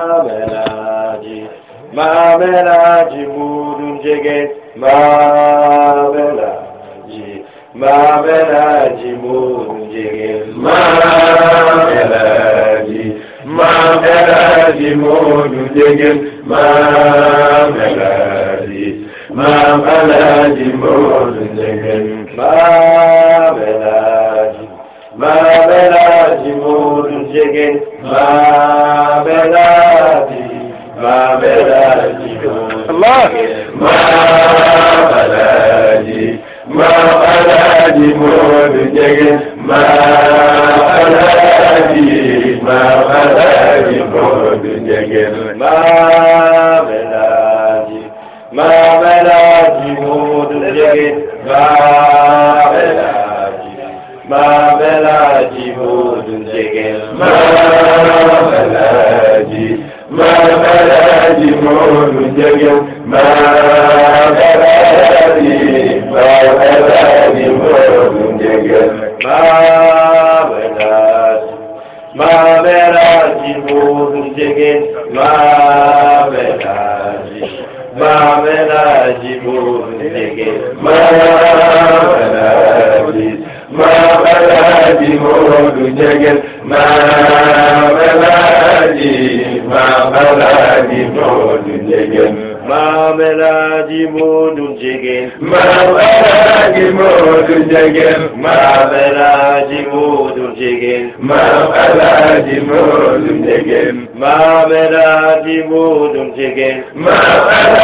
Mamelaji, Mamelaji Mudunjege, Mamelaji, Mamelaji Mudunjege, Mamelaji, Mamelaji Mudunjege, Mamelaji, Mamelaji Mudunjege, Mamelaji, Mamelaji Mudunjege, Mamelaji, ji moo di jege maa alaaji maa alaaji moo di jege maa alaaji maa alaaji moo di jege maa alaaji maa alaaji moo di jege maa alaaji maa alaaji moo di jege maa alaaji maa alaaji mu njëgël maa melaat maa melaat ci buutu njëgël maa melaat ci maa melaat ci buutu njëgël maa melaat ci maa melaat ci buutu njëgël maa melaat ci maa melaat ci buutu njëgël Mameladi modun jegen. Mameladi modun jegen. Mameladi modun jegen. Mameladi modun jegen. Mameladi modun jegen. Mameladi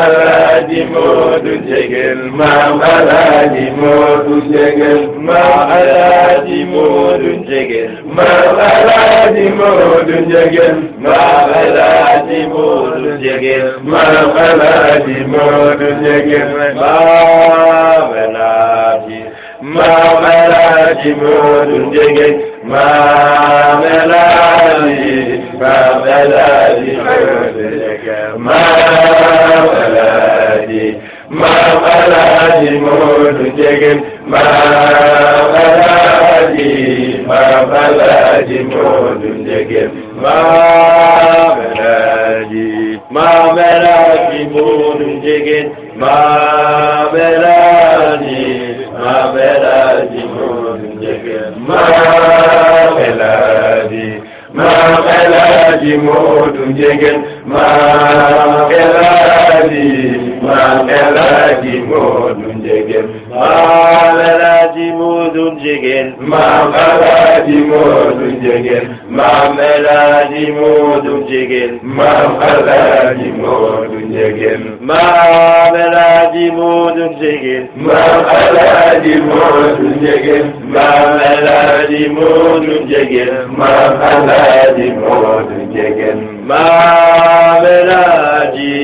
Alaaji Moodu Njegeen maam Alaaji Moodu Njegeen maam Alaaji Moodu Njegeen maam Alaaji Moodu Njegeen maam Alaaji Moodu Njegeen maam Alaaji Moodu Njegeen maam Alaaji Moodu Njegeen maam Alaaji maam Alaaji Moodu Njegeen maam Alaaji فبلادي مولدك ما بلادي ما بلادي مولدك ما بلادي ما بلادي مولدك ما بلادي ما بلادي مولدك ما بلادي ما بلادي مولدك ما بلادي maam El Hadji Modou Ndiéguène maam El Hadji maam El Hadji Modou Ndiéguène maam El Hadji Modou Ndiéguène maam El Hadji Modou jigéen maam El Hadji Modou jigéen maam El Hadji Modou jigéen maam El Hadji Modou jigéen maam El Hadji Modou jigéen maam El Hadji Modou jigéen maam El Hadji Modou jigéen maam El Hadji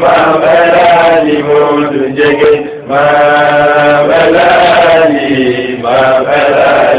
maam El Hadji Modou jigéen maam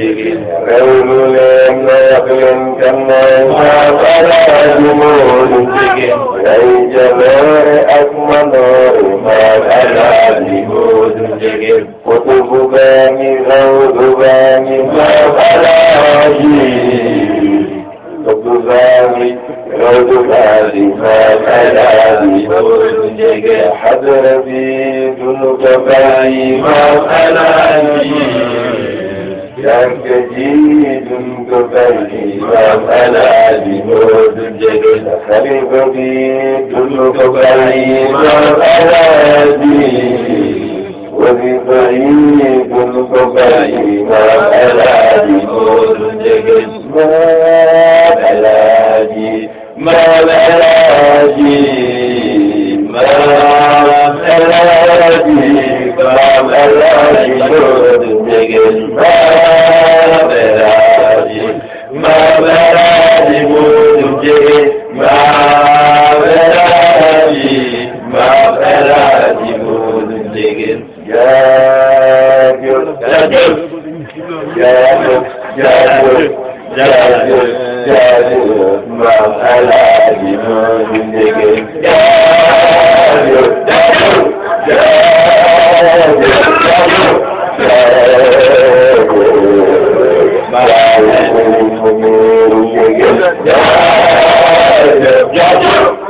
jigéen réew leen neex leen gannaaw maa jumóoru jigéen ay jaloore ak manoore maa alaa jumóoru jigéen kutubu baa ngi rawdu baa ngi maa alaa jii kutubu baa ngi rawdu maa alaa jumóoru jigéen xadra bi dunu maa alaa yaa ka jiidun ko bàyyi maam alaaji moodu jege xale ko jiidun ko bàyyi maam alaaji wasi bayiidun ko bàyyi maam alaaji moodu jege maam alaaji maam alaaji maam alaaji maam alaaji Begin Maberaji, Maberaji Muduke, Maberaji, Maberaji Muduke, Jagur, Jagur, Jagur, Jagur, Jagur, Jagur, Maberaji Muduke, Jagur.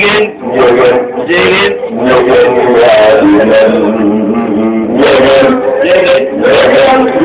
jigéen jigéen